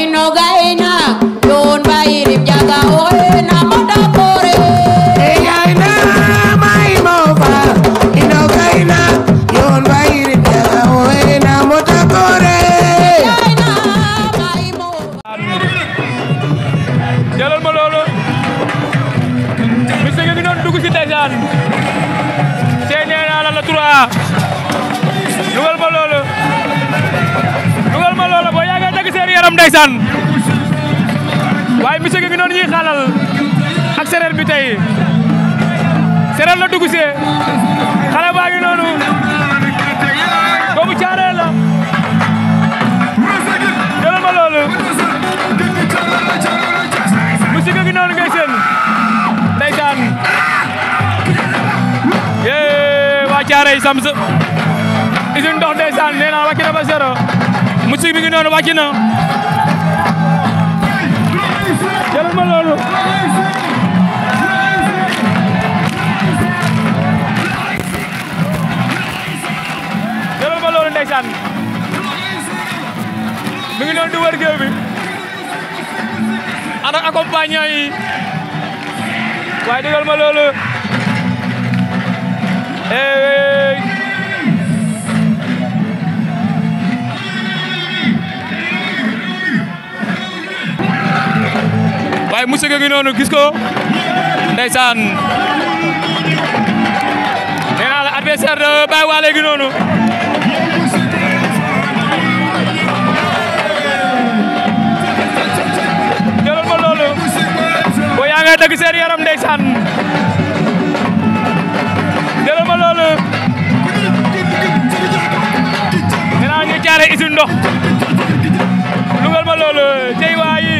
inoga ina yon ba irip jaga oe na mama ndeysaan waaye monsieur gi ngi noonu ñuy xaalal ak séréer bi tey la dugg see xale baa ngi noonu doomu caaree la jëlal ma loolu monsieur gi ngi noonu ngay seen ndeysaan yee waa caaree sam sa usine ndox ndeysaan nee naa wàcc na ba zéro musique bi ngi noonu wàcc accompagnant yi waaye déggal ma loolu eh waaye monsieur gi noonu gis ko ndeysaan nee naa la adversaire noonu ngay dagg seen yaram ndeysaan jëlal ma loolu nee naa ñu caare isin ndox lugal ma loolu tey waayi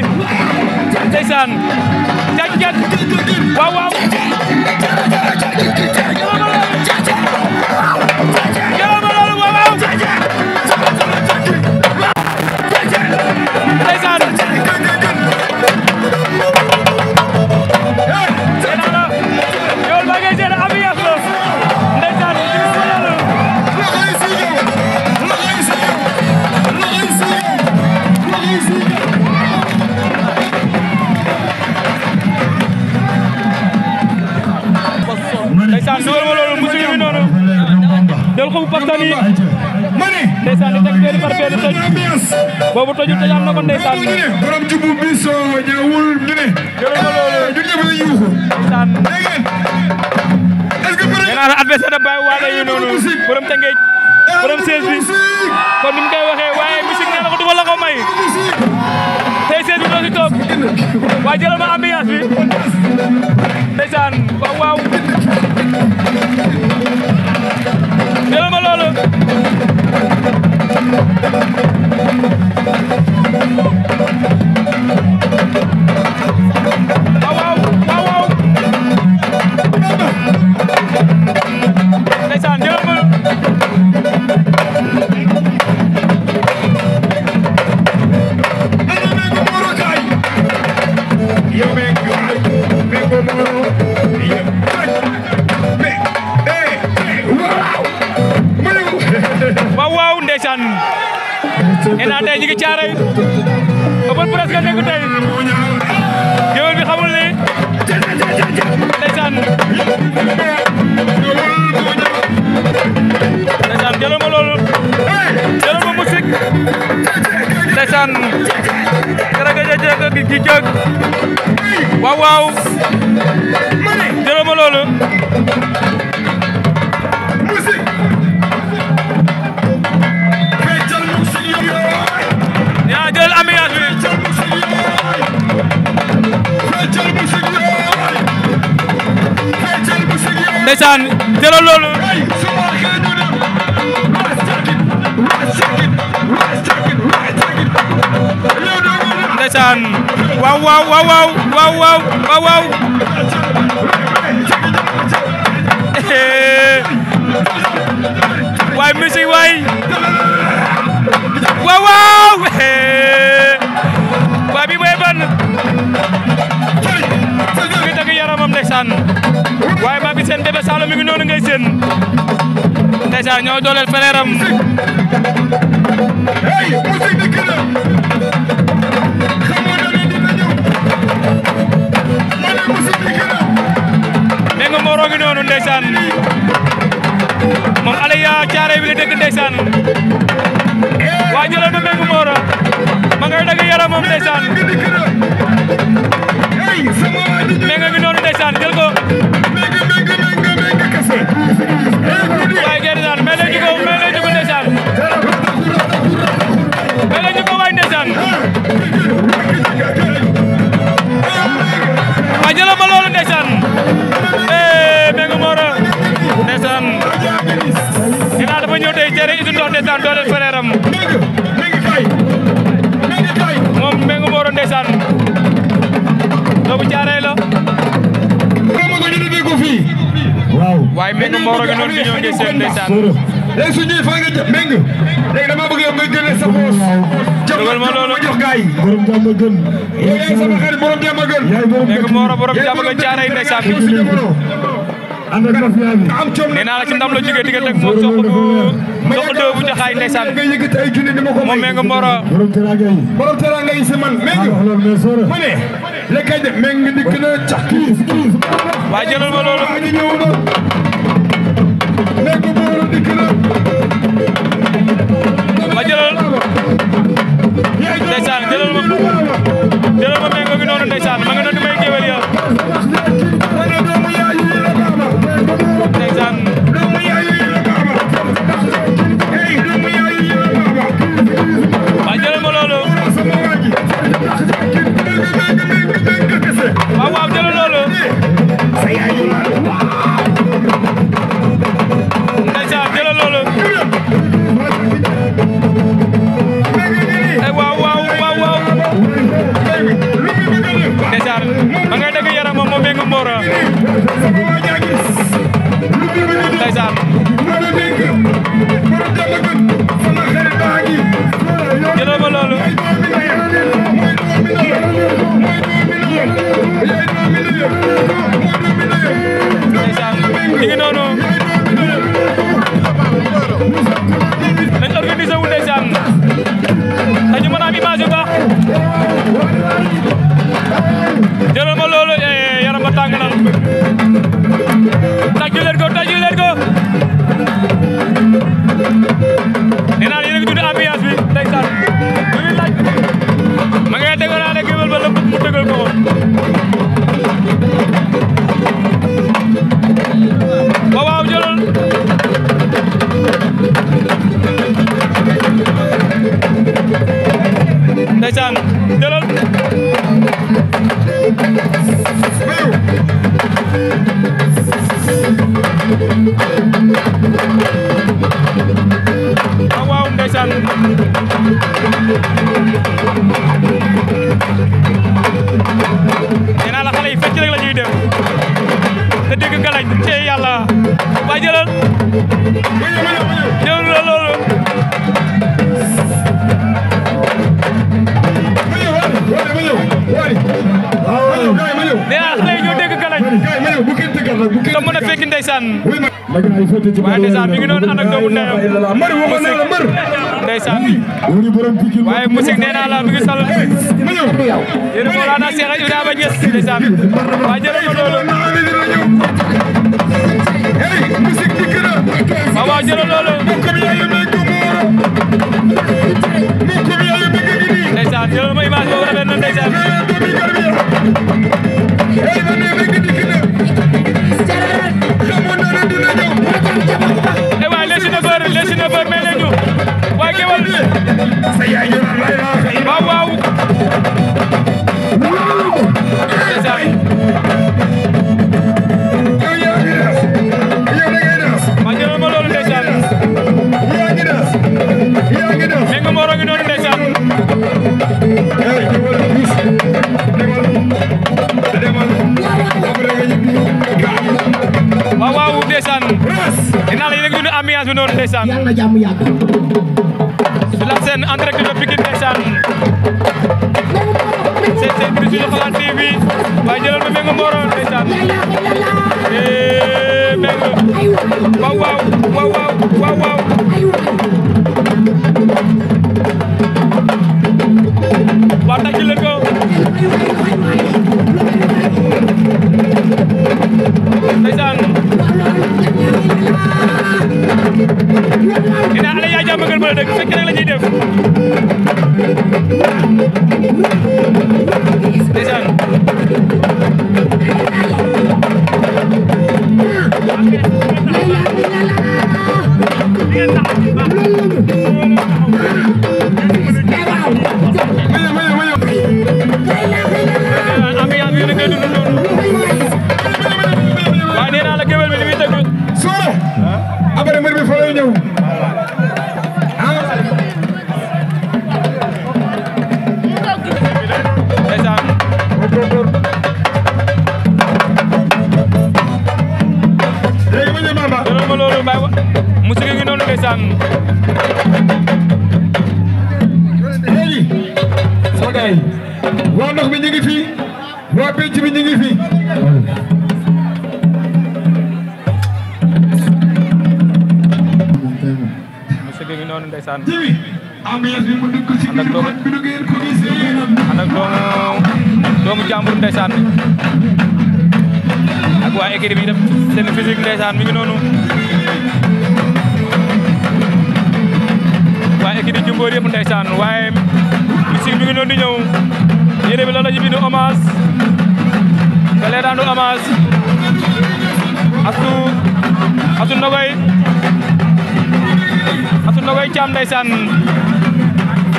ndeysaan jag jag waaw tëju te yàlla na ko ndeysaan borom jubu bi soo ñëwul ñu ne ñu ñëpp la yuuxu dégg est-ce que naan yi noonu borom tëngeej borom sees bi kon ni waaye musique nee na ko du may tey sees bi doo waaye jëlal ma ambiance bi ndeysaan waaw waaw loolu ndeysaan jëlal loolu ndeysaan waaw waaw waaw waaw waaw waaw waaw waaw waay musique waay waaw waaw waa bi mooy ban mi tëgg yaramam ndeysaan seen Bébé Saloum mi ngi noonu ngay seen ndeysaan ñoo dooleel frère am hey musique de kër xamoo na leen dina ñëw ma ne musique de kër nee nga mooroo ngi noonu ndeysaan moom Aliya Thiaré bi nga dëkk ndeysaan waa jëloon na Mbengue Moro ma ngay dagg yaram moom ndeysaan ko Listen, listen, listen. Sourou léegi su ñëwee fa nga jëm méng léegi dama bëgg yow nga génne sa poos jël ma jox gaay borom jàmm gën yaay sama xarit borom jàmm gën nekk moo borom jàmm gën caaray ndeysaan bi ànd ak mafia bi nee naa la ci ndam la jógee diggante ak moom soxna soxna dëw bu jaxaay ndeysaan nga yëkkati ay junni ni ma ko moom méng moro borom teranga yi borom teranga yi si man méng ma ne léegi méng dikk na cax kii waa jëlal ma loolu ndeysaan jëlal ma jëlal ma méngoo gi noonu ndeysaan ma nga tàccu leen ko tàccu leen ko nee naa yéen a ngi dund ambiance bi ndeysaan lu muy laaj ma ngay déggoo naa ne géwél ba la bëgg mu dëgal ko waaw waaw jëlal ndeysaan waaw waaw ndeysaan naa la xale yi fecc rek la ñuy te dégg nga lañ te yàlla waa jëlal jëlal la loolu nee naa xale te mën a fekk ndeysaan waaye ndeysaan mi ngi noonu ànd ak doomu ndeyam ndeysaan waaye musik nee naa la mi ngi sol yéen Mawlana Cheikh Ibrahima Niass ndeysaan waaye jërëjëf loolu ah, waaw waaw jërëjëf loolu ndeysaan jërëjëf ma image boobu rafet na ndeysaan xewal bi sa yaay ñu naan lay laa waaw waaw waaw waaw ndeysaan dinaa la yéen a ngi dund ambiance bi noonu ndeysaan yàlla jàmm yàgg Lam Sène en direct de Pikine ndeysaan c'est c'est bi suñu xalaat TV waaye jëlal ma Mbengue Mboro ndeysaan eh Mbengue waaw waaw waaw waaw waaw waa tàcc leen ko ndeysaan dina xale yaa jàmm gën ma dëgg fekk rek la ñuy def ndeysaan Thank you. après mbir bi fa lay ñëw musique ngi noonu ndeysaan léegi sama gars yi waa ndox bi ñu ngi fii waa pénc bi ñu ngi Sène ndeysaan ànd ak doomu ànd ak doomu doomu jàmbur ndeysaan ak bi def seen physique ndeysaan mi ngi noonu waa équipe yi jumboor yëpp ndeysaan waaye musique mi ngi noonu di ñëw yére bi loolu la ñu bind hommage Galle Dandou hommage Astou Asunda Way Caam ndeysaan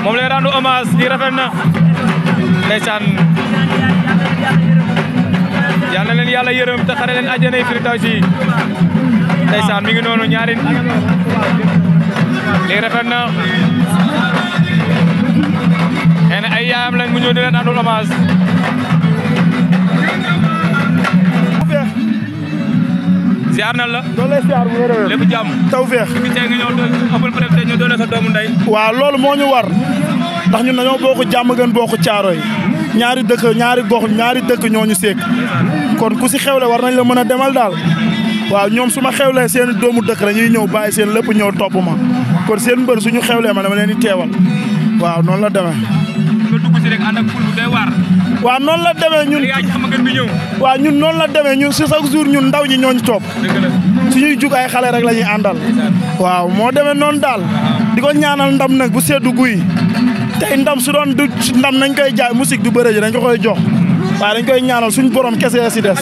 moom lay rendu hommage di rafet na ndeysaan yal na leen yàlla yërëm te xare leen àjjana firdawsi ndeysaan mi ngi noonu ñaari lii rafet na nee na ay yaayam lañ mu ñëw leen rendu hommage siyaar na la. loolu lay siyaar bu jàmm tawféex. fi nga ñëw Apple Presse tey ñu waaw loolu moo ñu war ndax ñu dañoo bokk jàmm gën bokk caaro yi ñaari dëkk ñaari gox ñaari dëkk ñoo ñu seeg kon ku si xewle war nañ la mën a demal daal waaw ñoom su ma xewlee seen doomu dëkk la ñuy ñëw bàyyi seen lépp ñëw topp ma kon seen mbër suñu xewlee ma dama leen di teewal waaw noonu la demee. waaw noonu la demee ñun waaw ñun noonu la demee ñun si chaque jour ñun ndaw ñi ñooñu topp suñuy jug ay xale rek la ñuy àndal waaw moo demee noonu daal di ko ñaanal ndam nag bu seddu guy tey ndam su doon du ndam nañ koy jaay musique du bëre ji dañ koy jox waaye dañ koy ñaanal suñ borom kese si des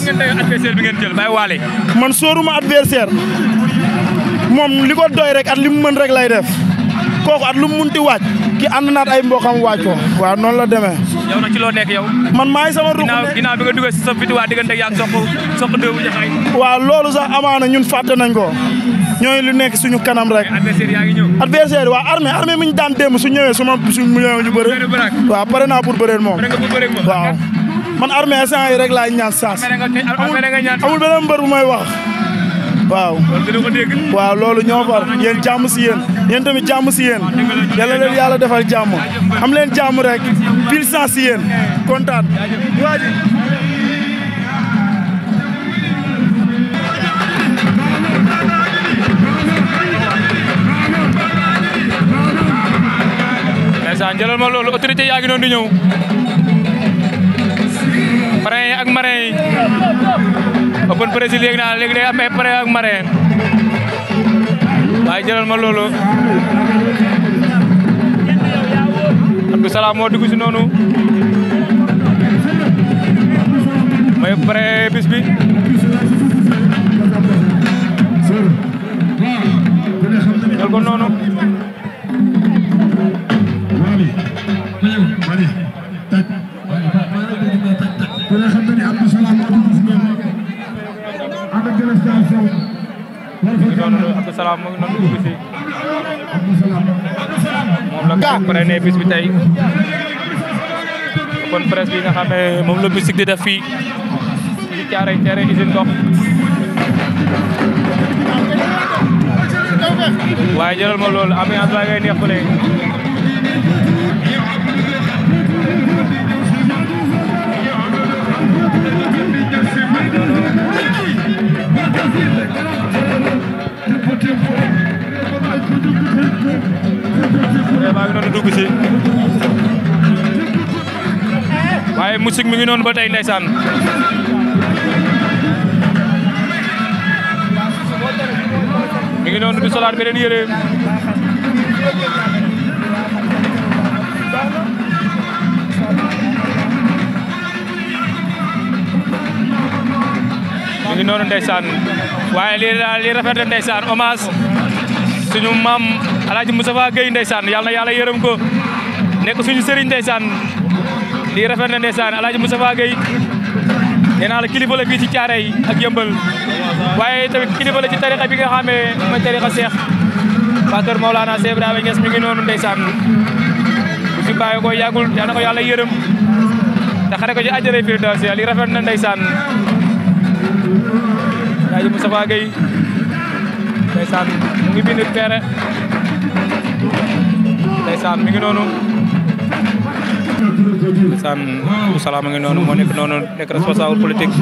man sóoruma adversaire moom li ko doy rek at li mu mën rek lay def kooku at lu mu munti waaj ki ànd naat ay mbokam waaj ko waaw noonu la demee yow nag ci loo nekk yow. man maay sama ruux ne ginnaaw bi nga dugal si sa victoire diggante ak yaa ngi soq soq dëggu jaxaay. loolu sax amaana ñun fàtte ko ñooy lu nekk suñu kanam rek. adversaire yaa ngi ñëw. adversaire waa armée armée mi ñu daan démb su ñëwee su ma su mu ñëwee ñu bëre. waaw pare naa pour bëreen moom. waaw man armée instant yi rek laay ñaan saas. amul beneen mbër bu may wax. waaw waaw loolu ñoo far yéen jàmm si yéen yéen tamit jàmm si yéen yàlla leen yàlla defal jàmm am leen jàmm rek puissance si yéen kontaan waaji ndeysaan ma loolu autorité yaa ngi noonu di ñëw open press léegi naa léegi day am ma loolu Abdou Salam moo si noonu mooy pare bis bi jël noonu salaam mu ngi noonu dugg si moom la parrainé bis bi tey kon presse bi nga xam ne moom la musique di def fii ci caaray teere usine ndox waaye jëlal ma loolu ambiance baa ngay neex ba léegi xale eh, baa ngi noonu dugg si waaye musique mi ngi noonu ba tey ndeysaan mi ngi noonu di solaat beneen yére noonu ndeysaan waaye lii daal lii rafet na ndeysaan hommage suñu maam alaaji Moustapha Gueye ndeysaan yàlla na yàlla yërëm ko nekk suñu sëriñ ndeysaan lii rafet na ndeysaan alaaji Moustapha Gueye nee naa la kilifa la fii ci caare yi ak yëmbal waaye tamit kilifa la ci tarixa bi nga xamee mooy seex pasteur Maolana Cheikh Ibrahima Niass mi ngi noonu ndeysaan bu fi bàyyi ko na ko yàlla yërëm te xare ko ci àjjana firdawsi lii rafet na ndeysaan Alaaji Moustapha Gueye ndeysaan mu ngi bind teere ndeysaan mi ngi noonu ndeysaan salaam a ngi noonu moo nekk noonu nekk responsable politique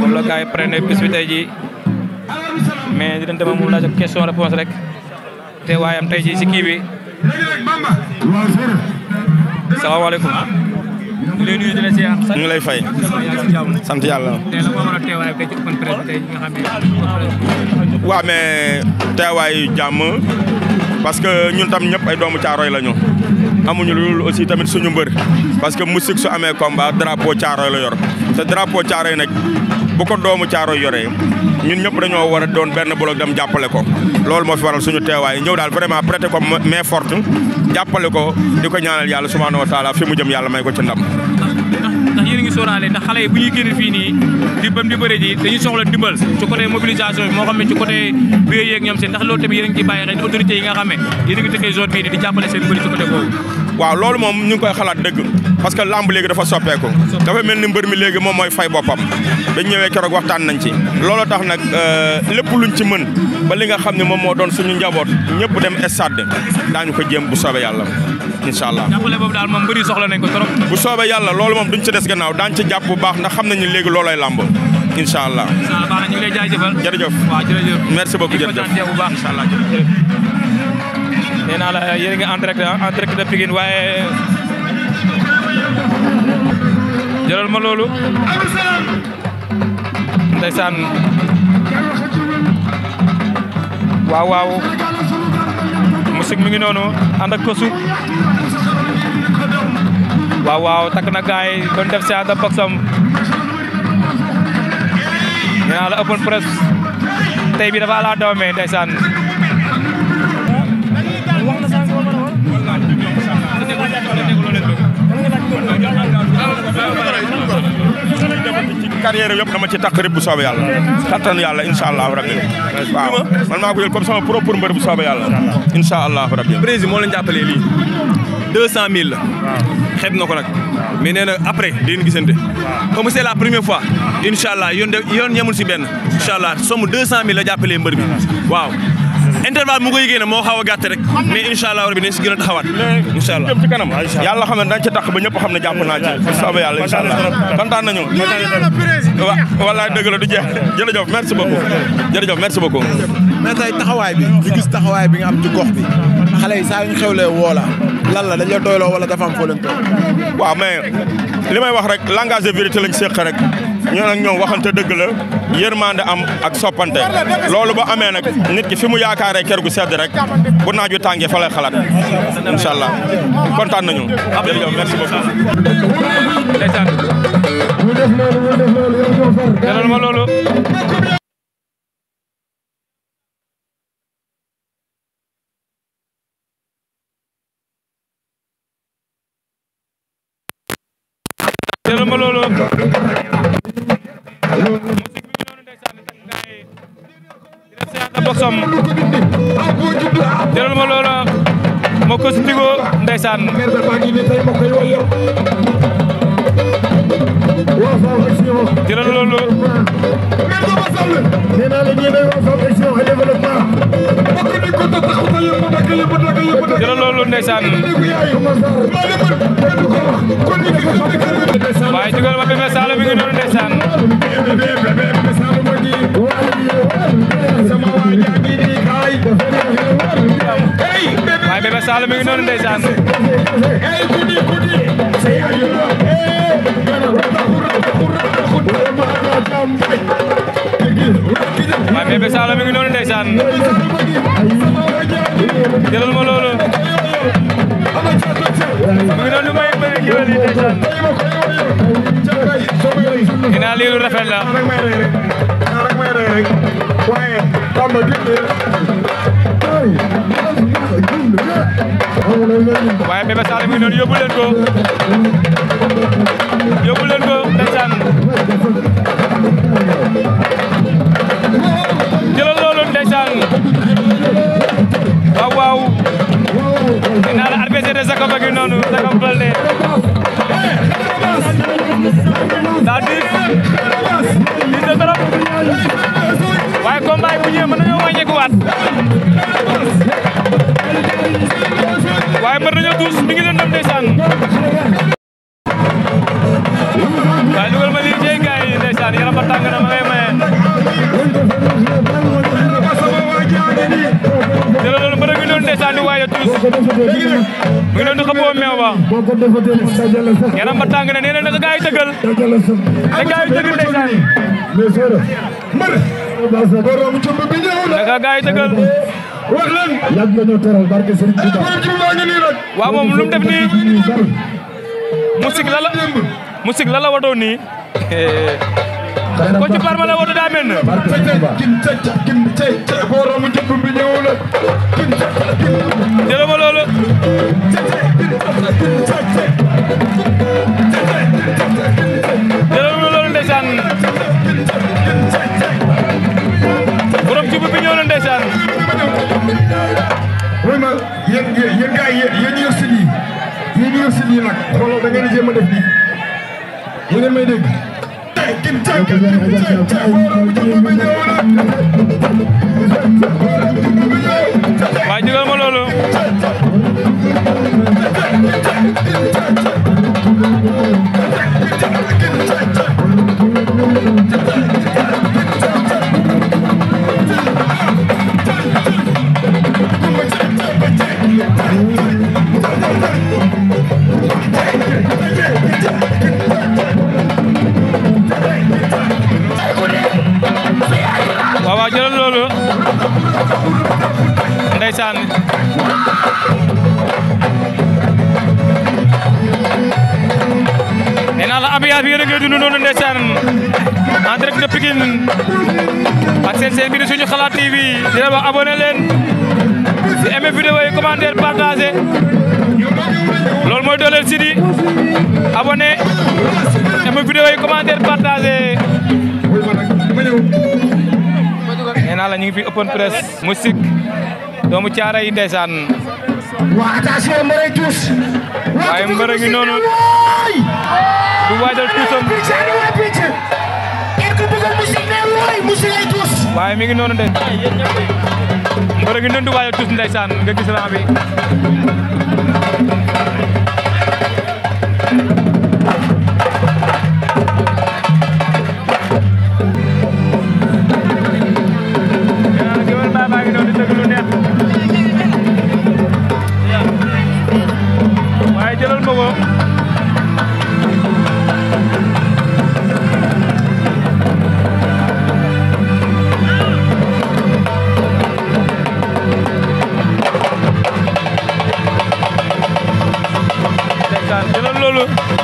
moom la gars yi prene bis bi tey jii mais dinañ dem moom rek te waayam tey jii si kii bi ñu lay lay fay. sant yàlla. tey teewaay tey jàmm parce que ñun tam ñëpp ay doomu Caaroy lañu. amuñu lu aussi tamit suñu mbër parce que musique su amee combat drapeau Caaroy la yor te drapeau Caaroy nag bu ko doomu Caaroy yoree ñun ñëpp dañoo war a doon benn bloc dem jàppale ko. loolu moo fi waral suñu teewaay ñëw daal vraiment prêter ko main forte jàppale ko di ko ñaanal yàlla subhaanahu wa taala fi mu jëm may ko ci ndam. ndax yéen ngi sóoraale ndax xale yi bu ñuy génn fii nii di bam di bëri ji dañuy soxla ndimbal ci côté mobilisation moo xam ne ci côté ñoom seen ndax loolu tamit yéen a ngi ci bàyyi xel autorités yi nga xam di jàppale seen bëri ci côté boobu. waaw loolu moom ñu koy xalaat dëgg parce que lamb léegi dafa soppeeku dafa mel ni mbër mi léegi moom mooy fay boppam dañ ñëwee keroog waxtaan nañ ci looloo tax nag euh, lépp luñ ci mën ba li nga xam ne moom moo doon suñu njaboot ñëpp dem stade daañu ko jéem bu soobee yàlla incha allah jàppale boobu daal moom mbër yi soxla nañ ko trop bu soobe yàlla loolu moom duñ ci des gannaaw daañ ci jàpp bu baax ndax xam nañu léegi loolay làmb incha allah baax ñu ngi lay jaajëfal jërëjëf waaw jërëjëf merci beaucoup jërëjëf bu baax incha allah nee naa jëlal ma loolu ndeysaan waaw waaw musique mi ngi noonu ànd ak waaw waaw takk na gars yi doon def séance de boxe am nee naa open press tey bi dafa laa doome ndeysaan carrière yëpp dama ci takk rib bu soobee yàlla kattan yàlla incha allah rabbi waaw man maa ko jël comme sama propre mbër bu soobee yàlla incha allah rabbi président moo leen jàppalee lii deux cent la xeeb na ko nag mais nee na après di ngeen gisante comme c'est la première fois incha allah yoon de yoon si benn incha allah somme deux cent mille jàppalee mbër bi waaw intervalle mu koy génne moo xaw a gàtt rek mais incha allah rabi si gën a taxawaat incha allah jëm ci kanam yàlla xam ne dañ ci tax ba ñëpp xam ne jàpp naa ci bu soobee yàlla incha allah kontaan du jeex jërëjëf merci beaucoup jërëjëf merci beaucoup mais tey taxawaay bi ñu gis taxawaay bi nga am ci gox bi xale yi saa yu ñu xewlee woo la lan la dañ la doyloo wala dafa am foo leen toog waaw mais li may wax rek langage de vérité lañ séq rek ñu nag ñoom waxante dëgg la yërmande am ak soppante loolu ba amee nag nit ki fi mu yaakaaree ker gu sedd rek bu naaj wi tàngee fa lay xalaat incha allah kontaan nañu jërëjëf merci beaucoup. nee naa la ñuy doy waa formation et développement. mbokk nañ ko te taxaw sa yëpp dëkk yëpp dëkk yëpp dëkk. jërë loolu ndeysaan. waaye jugal ma Bébé Saloum mi ngi noonu ndeysaan. waaye Bébé Saloum mi ngi noonu ndeysaan. Bébé Saloum mi ngi noonu ndeysaan jëlal ma loolu mi ngi noonu may bëri géwél yi la mi ngi noonu yóbbu leen ko yóbbu leen ko Ndeysaan yaram ba tàng na nee na naka gaa yi dëggal te gaa yi dëggal ndeysaan naka gaa yi dëggal wax leen yàgg nga ñoo barke Serigne Touba waaw moom lu mu def nii musique la la musique la la wadoo nii ko ci parma la wadoo daa mel na jërëma loolu de Thank you. ak seen seen bi di suñu xalaat TV di leen wax leen di aimé vidéo yi commentaire partagé loolu mooy dooleel Sidy abonné aimé vidéo yi commentaire partagé nee naa la ñu fi open press musique doomu caara yi ndeysaan waaye mbërë ngi noonu du waajal tuusam waaye mi ngi noonu de wala ngi doon di waaj a tuus ndeysaan nga gis raa bi la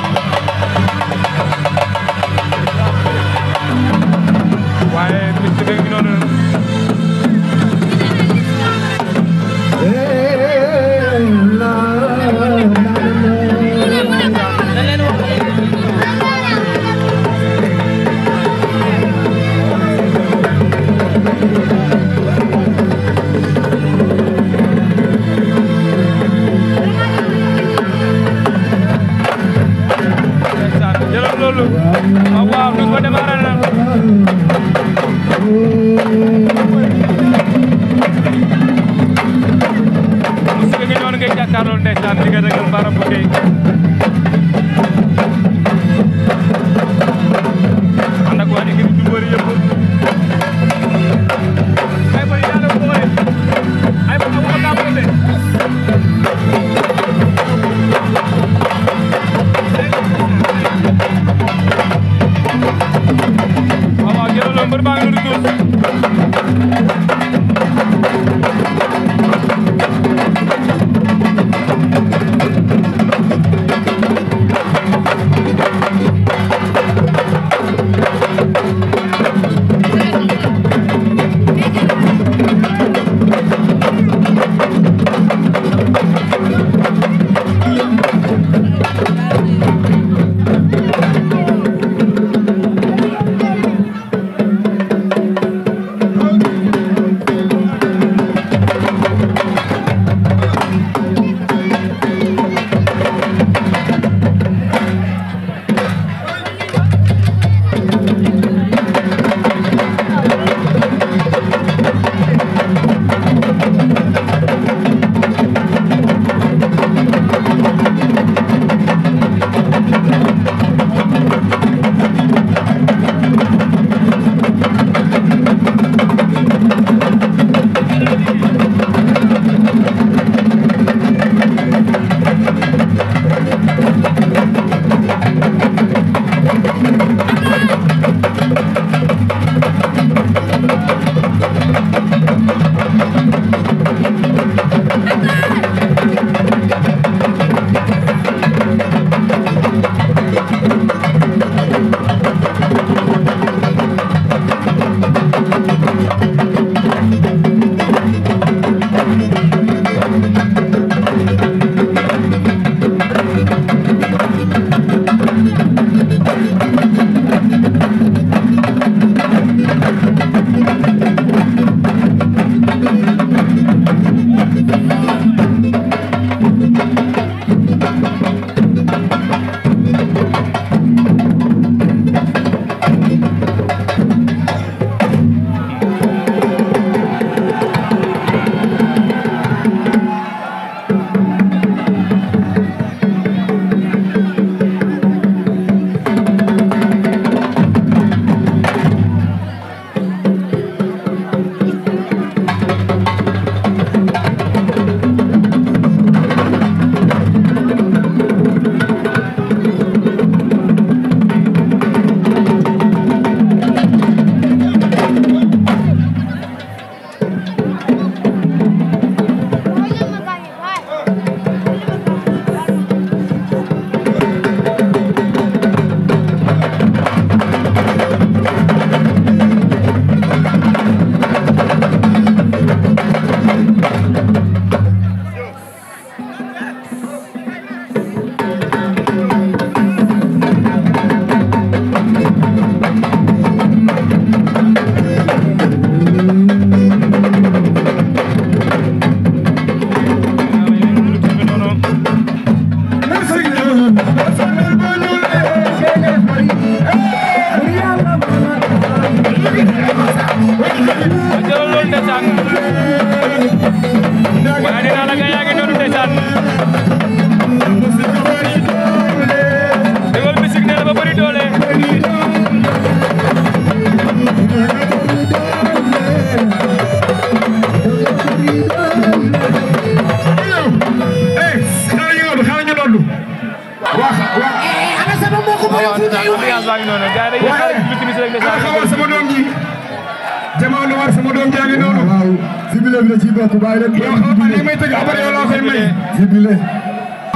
metti bàyyi leen yow xam nga li may tëgg après yow laa koy maye jibile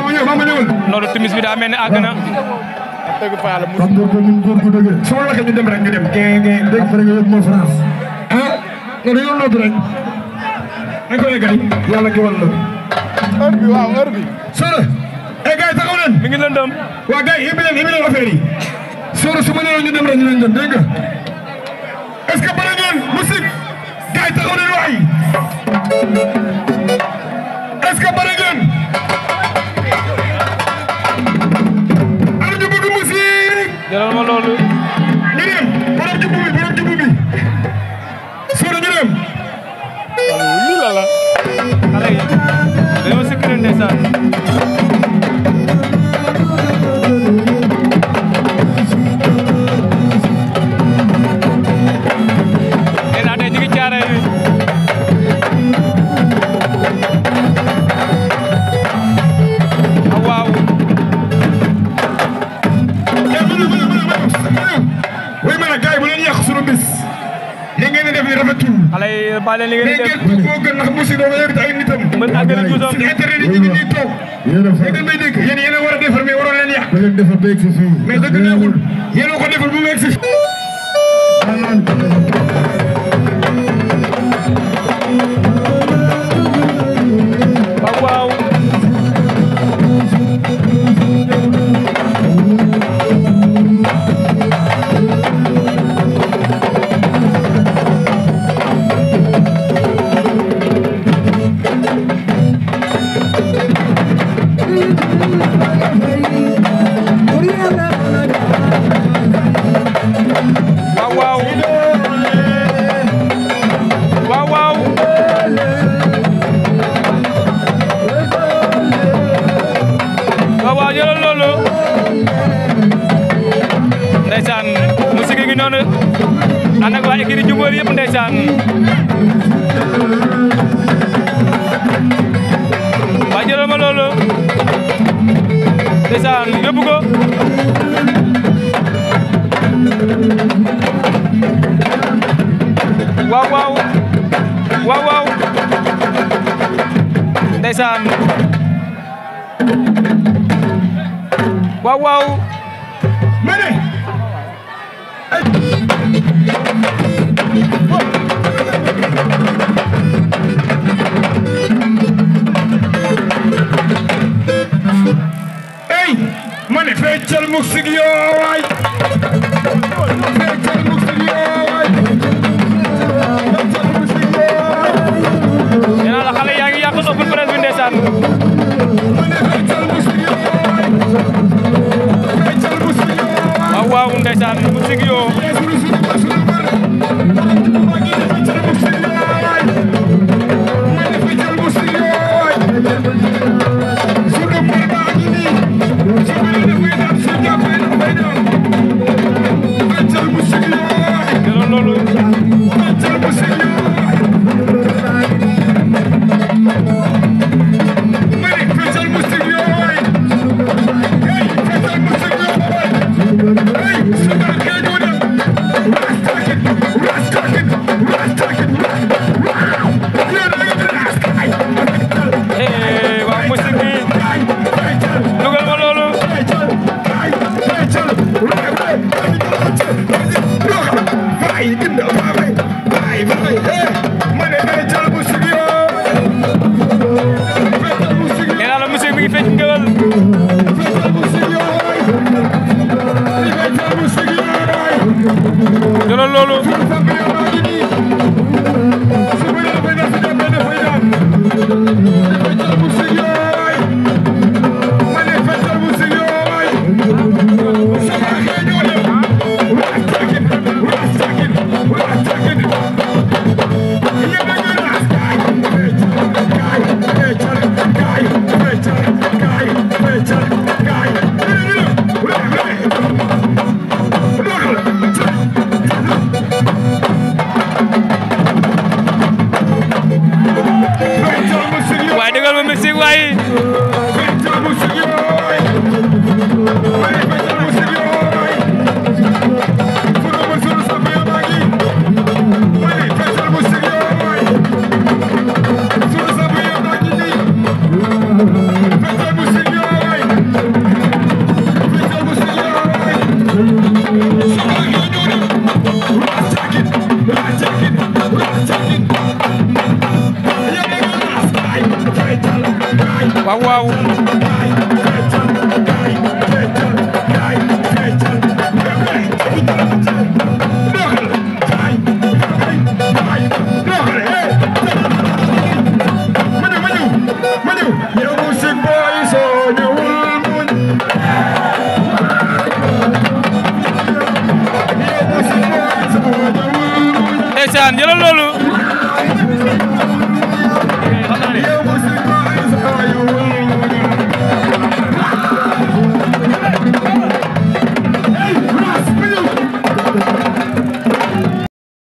ma ñëw ma ñëwul loolu timis bi daa mel ni àgg na dëgg fa la mu xam nga ko ñun góor gu dëgg soo la ñu dem rek ñu dem dégg après nga e gars yi taxaw leen mi waa gars yi yëpp leen yëpp leen affaire yi sore su ma nee ñu dem rek ñu leen dem wax leen li ngeen di def mais moo gën ndax Moussi dafa yëkkati ay nitam. mën àggale tuutam si intérêt nit ñi ñu ngi toog. yéen a fa yéen a may dégg yéen yéen a war a defar mais waroon leen yàq. da ngeen defar ba egg si fii. mais dëgg neexul yéen a ko defar bu mu egg si.